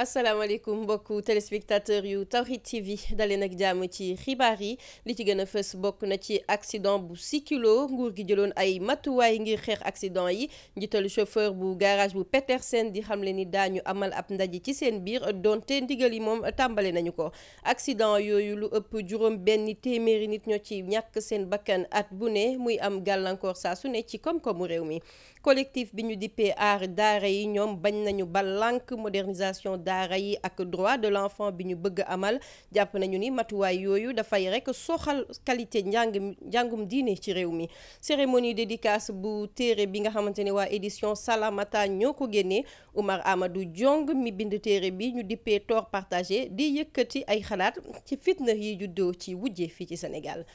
asalaamaaleykum mbokku téléspectateur yu Tawhid TV daleen ak jàmm ci xibaar yi li ci gën a fës bokk na ci accident bu Sikilo nguur gi jëloon ay matuwaay ngir xeex accident yi njiitalu chauffeur bu garage bu Petersen di xamle ni daañu amal ab ndaje ci seen biir donte ndigal yi moom tàmbale nañu ko accident yooyu lu ëpp juróom benn téeméeri nit ñoo ci ñàkk seen bakkan at bu ne muy am gàllankoor saa su ne ci koom-koomu réew mi collectif bi ñu dippee aar daara yi ñoom bañ nañu ba lànk modernisation. daara yi ak droit de l'enfant bi ñu bëgg amal jàpp nañu ni matuwaay yooyu dafay rekk soxal qualité njàngum diine ci réew mi cérémonie dédicace bu téere bi nga xamante ne waa édition Salamata ñoo ko génnee Oumar Amadou Diong mi bind téere bi ñu dippee tort partagé di yëkkati ay xalaat ci fitna yi juddoo ci wujje fii ci senegal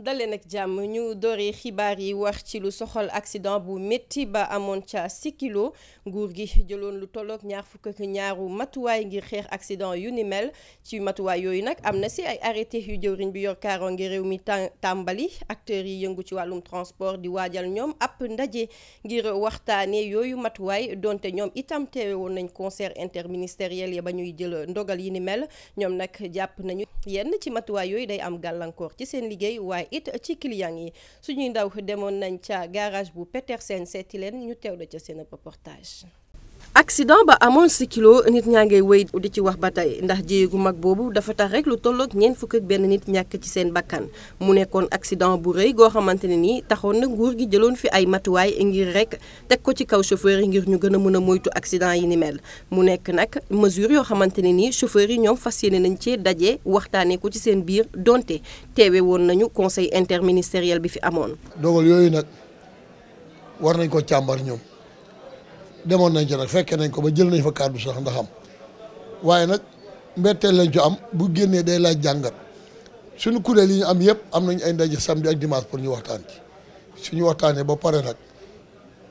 daleen nag jàmm ñu dooree xibaar yi wax ci lu soxal accident bu métti ba amoon ca Sikilo nguur gi jëloon lu tolloog ñaar fukk ak ñaaru matuwaay ngir xeex accident yu ni mel ci matuwaay yooyu nag am na si ay arrêté yu jëw jëwriñ bi yor ngir réew mi tàmbali acteurs yi yëngu ci wàllum transport di waajal ñoom ab ndaje ngir waxtaanee yooyu matuwaay donte ñoom itam teewe woon nañ concert interministériel ya ba ñuy jël ndogal yi ni mel ñoom nag jàpp nañu yenn ci matuwaay yooyu day am gàllankoor ci seen liggéey it ci client yi suñuy ndaw demoon nañ ca garage bu Petersen seeti leen ñu teew da ca seen reportage accident ba amoon si kilo nit ñaa ngay wéy di ci wax ba tey ndax jéye gu mag boobu dafa tax rek lu tollook ñeent fukk ak benn nit ñàkk ci seen bàkkan mu nekkoon accident bu rëy goo xamante ne nii taxoon na nguur gi jëloon fi ay matuwaay ngir rek teg ko ci kaw chauffeur yi ngir ñu gën a mën a moytu accident yi ni mel mu nekk nag mesure yoo xamante ne nii chauffeur yi ñoom fas yi ne nañu cee daje waxtaanee ko ci seen biir donte teewe woon nañu conseil interministériel bi fi amoon. dogal yooyu nag war nañ ko càmbar ñoom. demoon nañ ci nag fekkee nañ ko ba jël nañ fa kàddu sax ndax am waaye nag mbetteel lañ ci am bu génnee day laaj jàngat suñu kuréel yi ñu am yëpp am nañu ay ndaje samedi ak dimanche pour ñu waxtaan ci suñu waxtaanee ba pare nag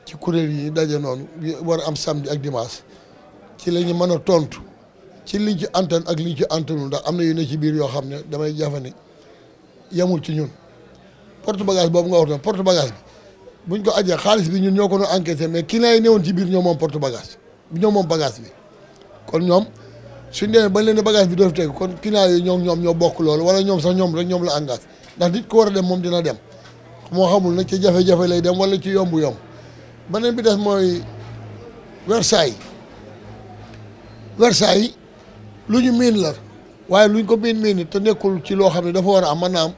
ci kuréel yi daje noonu war a am samedi ak dimanche ci la ñu mën a tontu ci liñ ci antan ak liñ ci antanul ndax am na yu ne ci biir yoo xam ne damay jafe ne ci ñun porte bagage boobu nga wax noonu porte bagage bi buñ ko ajee xaalis bi ñun ñoo ko doon encaissé mais client yi newoon ci biir ñoo moom porte bagage ñoo moom bagage bi kon ñoom suñ demee ba leen ne bagage bi dootu teg kon client yi ñoom ñoom ñoo bokk loolu wala ñoom sax ñoom rek ñoom la engagé ndax nit ko war a dem moom dina dem moo xamul nag ci jafe lay dem wala ci yomb-yomb beneen bi des mooy Versailles Versailles lu ñu miin la waaye luñ ko miin miin te nekkul ci loo xam ne dafa war a am mën naa am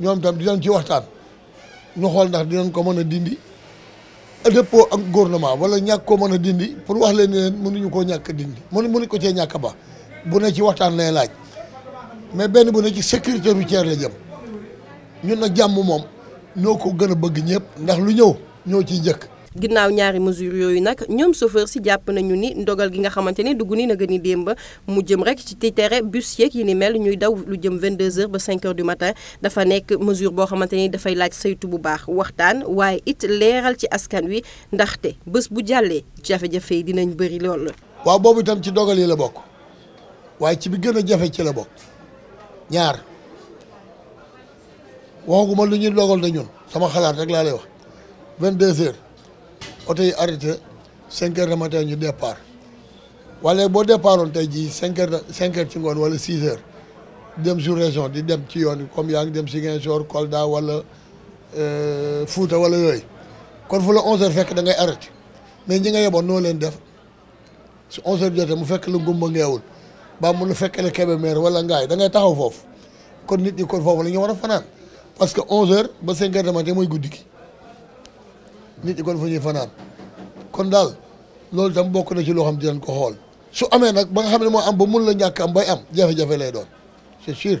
ñoom tam dinañ ci waxtaan. ñu xool ndax dinañ ko mën a dindi dëppoo ak gouvernement wala ñàkk koo mën a dindi pour wax leen ne leen mënuñu koo ñàkk dindi mënu mënu ko cee ñàkk ba bu ne ci waxtaan lay laaj mais benn bu ne ci sécurité routière la jëm ñun nag jàmm moom ñoo ko gën a bëgg ñëpp ndax lu ñëw ñoo ciy jëkk ginnaaw ñaari mesures yooyu nag ñoom chauffeur si jàpp nañu ni ndogal gi nga xamante ni dugg ni na gën a démb mu jëm rek ci tere bus yeeg yi ni mel ñuy daw lu jëm 22h ba 5h du matin dafa nekk mesure boo xamante ni dafay laaj saytu bu baax waxtaan waaye it leeral ci askan wi ndaxte bés bu jàllee jafe-jafe yi dinañ bëri lool. waaw boobu itam ci dogal yi la bokk waaye ci bi gën a jafe ci la bokk ñaar waxaguma lu ñu dogal na ñun sama xalaat rek laa lay wax 22h. oto yi arrêté cinq heures de matin ñu départ wala boo départ woon tey jii cinq heures cinq ci ngoon wala six heures dem sur région di dem ci yoon comme yaa ngi dem Ziguinchor Kolda wala euh, Fouta wala yooyu kon fu la onze heures fekk da ngay arrêté mais ñi nga yeboon noo leen def si onze heures jotee mu fekk la ngumba ngeewul ba mu fekk la Kébémer wala ngaay da ngay taxaw foofu kon nit ñi kon foofu la ñu war a fanaan parce que onze heures ba cinq heures de guddi gi nit ñi kon fu ñuy fanaan kon daal loolu tam bokk na ci loo xam dinañ ko xool su amee nag ba nga xam ne moo am ba mun la ñàkk am bay am jafe-jafe lay doon c'est sûr.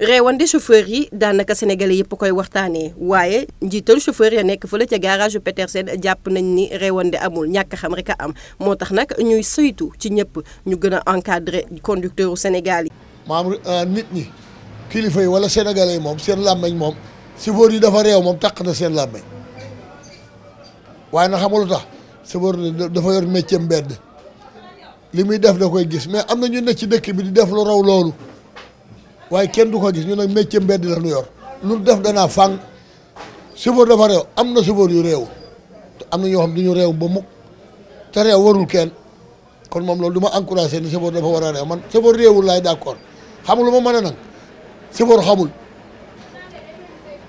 reewande chauffeur yi daanaka sénégalais yëpp koy waxtaanee waaye njiital chauffeur ya nekk fële ca garage Petersen jàpp nañ ni reewande amul ñàkk xam rek a am moo tax nag ñuy saytu ci ñëpp ñu gën a encadrer conducteur u Sénégal yi. maam euh, nit ñi kilifa yi wala sénégalais yi moom seen làmmeñ moom chauffeur yi dafa réew moom taq seen làmmeñ waaye nag xamalu tax chauffeur dafa yor métier mbedd li muy def da koy gis mais am na ñu nekk ci dëkk bi di def lu raw loolu waaye kenn du ko gis ñu nag métier mbedd la nu yor lu def danaa fàng chauffeur dafa réew am na chauffeur yu réew te am na ñoo xam du ñu réew ba mu te réew warul kenn kon moom loolu du ma encouragé ni chauffeur dafa war a réew man chauffeur réewul laay d'accord xamul lu ma mën a nag chauffeur xamul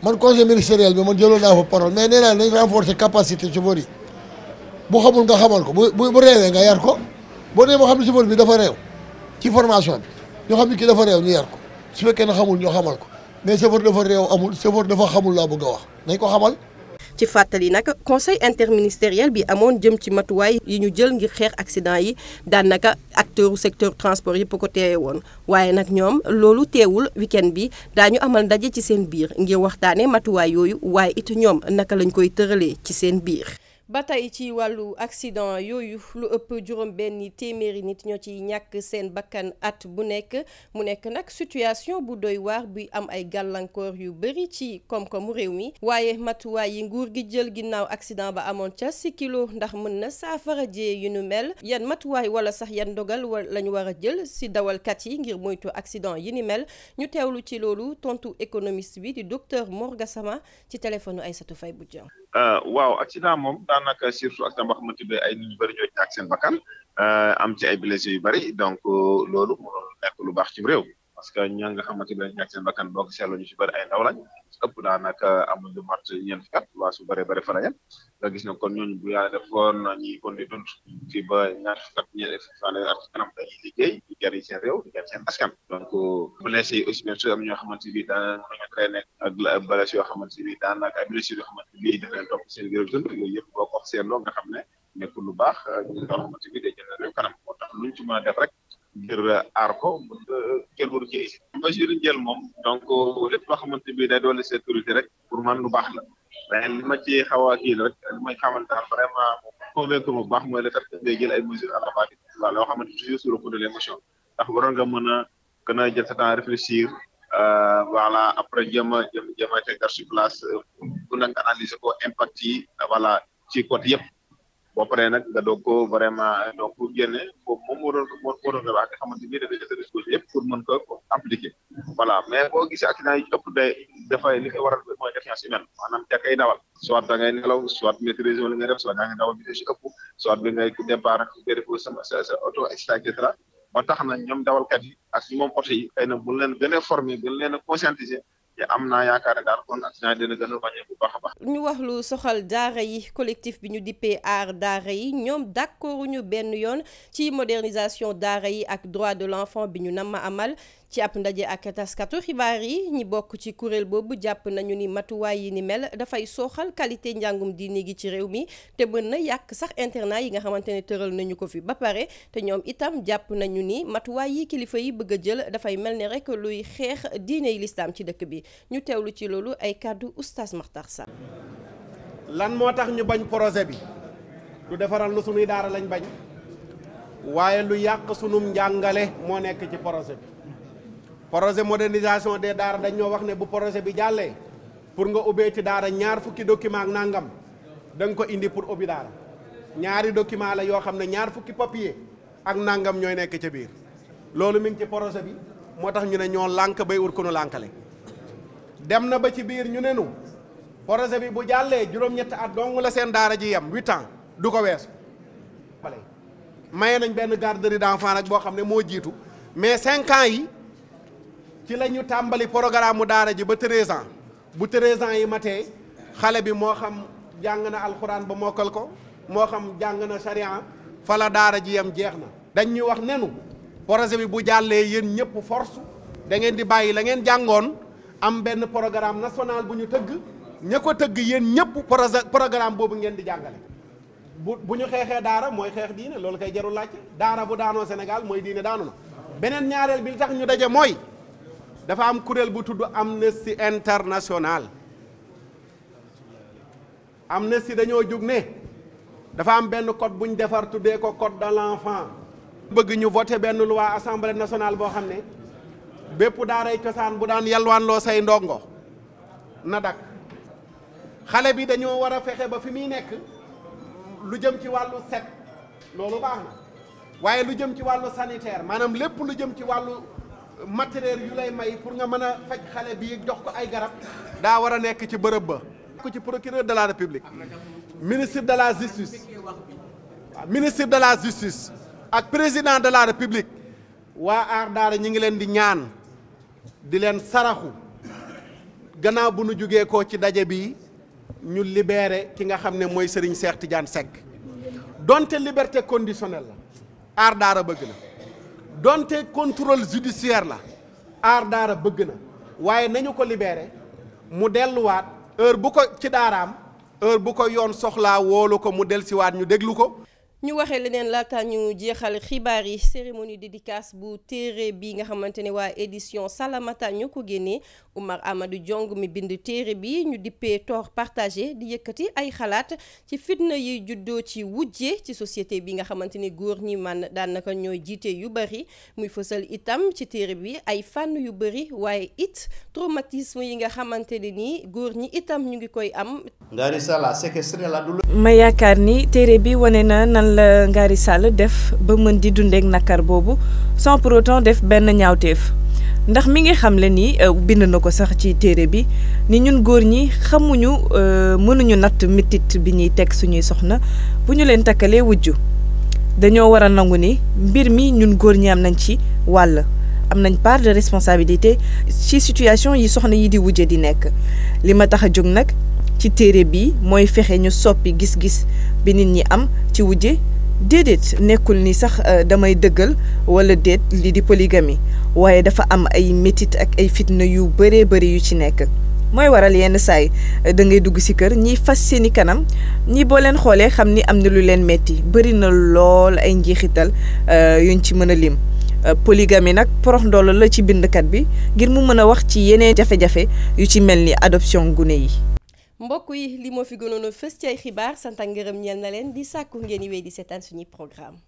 man conseil ministériel bi man jëloon naa fa parole mais nee naa nañ renforcer capacité chauffeur yi bu xamul nga xamal ko bu bu réewee nga yar ko boo nee ma xam ne chauffeur bi dafa réew ci formation bi ñoo xam ne kii dafa réew ñu yar ko su fekkee ne xamul ñu xamal ko mais chauffeur dafa réew amul chauffeur dafa xamul laa bëgg a wax nañ ko xamal. ci fàttali nag conseil interministériel bi amoon jëm ci matuwaay yi ñu jël ngir xeex accident yi daanaka acteur secteur transport yëpp ko teewe woon waaye nag ñoom loolu teewul weekend bi daañu amal ndaje ci seen biir ngir waxtaane matuwaay yooyu waaye it ñoom naka lañ koy tëralee ci seen biir ba tey ci wàllu accident yooyu lu ëpp juróom benn téeméeri nit ñoo ci ñàkk seen bakkan at bu nekk mu nekk nag situation bu doy waar buy am ay gàllankoor yu bari ci koom-koomu réew mi waaye matuwaay yi nguur gi jël ginnaaw accident ba amoon ca kilo ndax mën na saafara jee yu nu mel yan matuwaay wala sax yan ndogal la ñu war a jël si dawalkat yi ngir moytu accident yi ni mel ñu teewlu ci loolu tontu économiste bi di docteur Mor Gassama ci téléphone Aïssatou Faye Boutian Euh, waaw accident moom daanaka surtout accident boo xamante ne ay nit ñu bëri ñoo ñàkk seen euh, am ci ay blessés yu bëri donc euh, loolu mënul nekk lu baax ci réew. parce que ña nga xamante ne ñàkk seen bakkan boo ko seetlu ñu si bëri ay ndaw lañ ëpp daanaka amul lu mat ñeent fukki at waa su bëree bëri fa la ne kon ñooñu bu yàlla defoon ñuy kon di dund fii ba ñaar fukki at ñeent am ñoo xamante ni daanaka mën nga traîner ak blessé yoo xamante ni daanaka ay blessé yoo xamante ni daf yëpp ko wax seen xam ne nekkul lu baax ñu a def rek ngir aar ko kenn waru cee hésité jël moom donc lépp loo xamante bi day doole sécurité rek pour man lu baax la mais li ma ci xaw a kii rek li may xamante vraiment convaincre bu baax mooy le fait que ngay jël ay mesures acrobatiques waaw loo xamante toujours sur le coup de l'émotion ndax waroon nga mën a gën a jël sa temps réfléchir euh, voilà après jéem a jéem a jéem a teg sur place bu euh, nekk analyser ko impact yi voilà ci côté yëpp boo pare nag nga doog ko vraiment donc génne foofu moom moo doon moo doon nga wax nga xamante ni dafay jël disposition yëpp pour mën ko appliquer voilà mais boo gisee accident yi ëpp day dafay li koy waral mooy défiance humaine maanaam jàkkay dawal soit da ngay nelaw soit maîtriser nga def soit da ngay dawal vitesse ëpp soit bi ngay départ ba tax na ñoom dawal yi ak ñi moom oto yi xëy na bu leen gën a leen a conscientiser te am ñu wax lu soxal daara yi collectif bi ñu dippee aar daara yi ñoom d'accorduñu benn yoon ci modernisation daara yi ak droits de l'enfant bi ñu nama amal. ci ab ndaje ak taskatu xibaar yi ñi bokk ci kuréel boobu jàpp nañu ni matuwaay yi ni mel dafay sooxal qualité njàngum diini gi ci réew mi te mën na yàq sax internat yi nga xamante ne tëral nañu ko fi ba pare te ñoom itam jàpp nañu ni matuwaay yi kilifa yi bëgg a jël dafay mel ni rek luy xeex diine lislaam ci dëkk bi ñu teewlu ci loolu ay kàddu ustas Makhtar Sarr lan moo tax ñu bañ projet bi lu defaral nu sunuy daara lañ bañ waaye lu yàq sunum njàngale moo nekk ci projet bi projet modernisation des daara dañ ñoo wax ne bu projet bi jàllee pour nga ubbee ci daara ñaar fukki document ak nangam da ko indi pour ubbi daara ñaari document la yoo xam ne ñaar fukki papier ak nangam ñooy nekk ci biir loolu mi ngi ci projet bi moo tax ñu ne ñoo lànk bay ut ko nu lànkale dem na ba ci biir ñu ne nu projet bi bu jàllee juróom-ñetti at dong la seen daara ji yem huit ans du ko weesu maye nañ benn garderie d'enfants nag boo xam ne moo jiitu mais cinq yi ci la ñu tàmbali programme mu daara ji ba treize ans bu treize ans yi matee xale bi moo xam jàng na alxuraan ba mokkal ko moo xam jàng na sariya fa daara ji yam jeex na dañ wax nenu projet bu jàllee yéen ñëpp force da ngeen di bàyyi la ngeen jàngoon am benn programme national bu ñu tëgg ña ko tëgg yéen ñëpp projet programme boobu ngeen di jàngale bu bu ñu xeexee daara mooy xeex diine loolu kay jarul laajte daara bu daanoo Sénégal mooy diine daanu na beneen ñaareel bi li ñu daje mooy dafa am kuréel bu tudd Amnesty International Amnesty dañoo jóg ne dafa am benn code bu ñu defar tuddee ko code de l'enfant bëgg ñu voté benn loi assemblée national boo xam ne bépp daaray cosaan bu daan yalwaan loo say ndongo na dak xale bi dañoo war a fexe ba fi muy nekk lu jëm ci wàllu set loolu baax na waaye lu jëm ci wàllu sanitaire maanaam lépp lu jëm ci wàllu matériel yu lay may pour nga mën a faj xale bi jox ko ay garab daa war a nekk ci bërëb ba ko ci procureur de la république ministre de la justice ministre de la justice ak président de la république waa aar daara ñi ngi leen di ñaan di leen saraxu gannaaw bu nu jógee ko ci daje bi ñu libéré ki nga xam ne mooy Serigne Cheikh Tidiane Seck donte liberté conditionnelle la aar bëgg na donte contrôle judiciaire la aar daara bëgg na waaye nañu ko libeere mu delluwaat heure bu ko ci daaraam heure bu ko yoon soxlaa woolu ko mu dellusiwaat ñu déglu ko ñu waxee leneen laata ñu jeexal xibaar yi cérémonie dédicace bu téere bi nga xamante ne waa édition Salamata ñu ko génnee Oumar Amadou Diong mi bind téere bi ñu dippee tort partage di yëkkati ay xalaat ci fitna yi juddoo ci wujje ci société bi nga xamante ni góor ñi man daanaka ñooy jiite yu bëri muy fësal itam ci téere bi ay fànn yu bëri waaye it traumatisme yi nga xamante ne nii góor ñi itam ñu ngi koy am. ma yaakaar ni téere bi wane na nan nan la Ngari Sall def ba mën di dundeek nakar boobu sans pour autant def benn ñaawteef ndax mi ngi xam le ni euh, bind na ko sax ci téere bi ni ñun góor ñi xamuñu euh, mënuñu natt mitit bi ñuy teg suñuy soxna bu ñu leen takkalee wujj dañoo war a nangu ni mbir mi ñun góor ñi am nañ ci wàll am nañ part de responsabilité ci situation yi soxna yi di wujje di nekk li ma tax a jóg nag ci téere bi mooy fexe ñu soppi gis-gis bi nit ñi am ci wujje déedéet nekkul ni sax euh, damay dëggal wala déet li di polygamie waaye dafa am ay métit ak ay fitna yu bëree bëri yu ci nekk mooy waral yenn saay euh, dangay dugg ci kër ñiy fas seeni kanam ñi boo leen xoolee xam ni am na lu leen metti bëri na lool ay njeexital euh, yuñ ci mën a lim polygamie nag porox ndoll la ci bindkat bi ngir mu mën a wax ci yeneen jafe-jafe yu ci mel ni adoption gune yi mbokk yi lii moo fi gënoon a fës ci ay xibaar sant ak ñeel na leen di sàkku ngeen di wéy di seetaan suñuy programme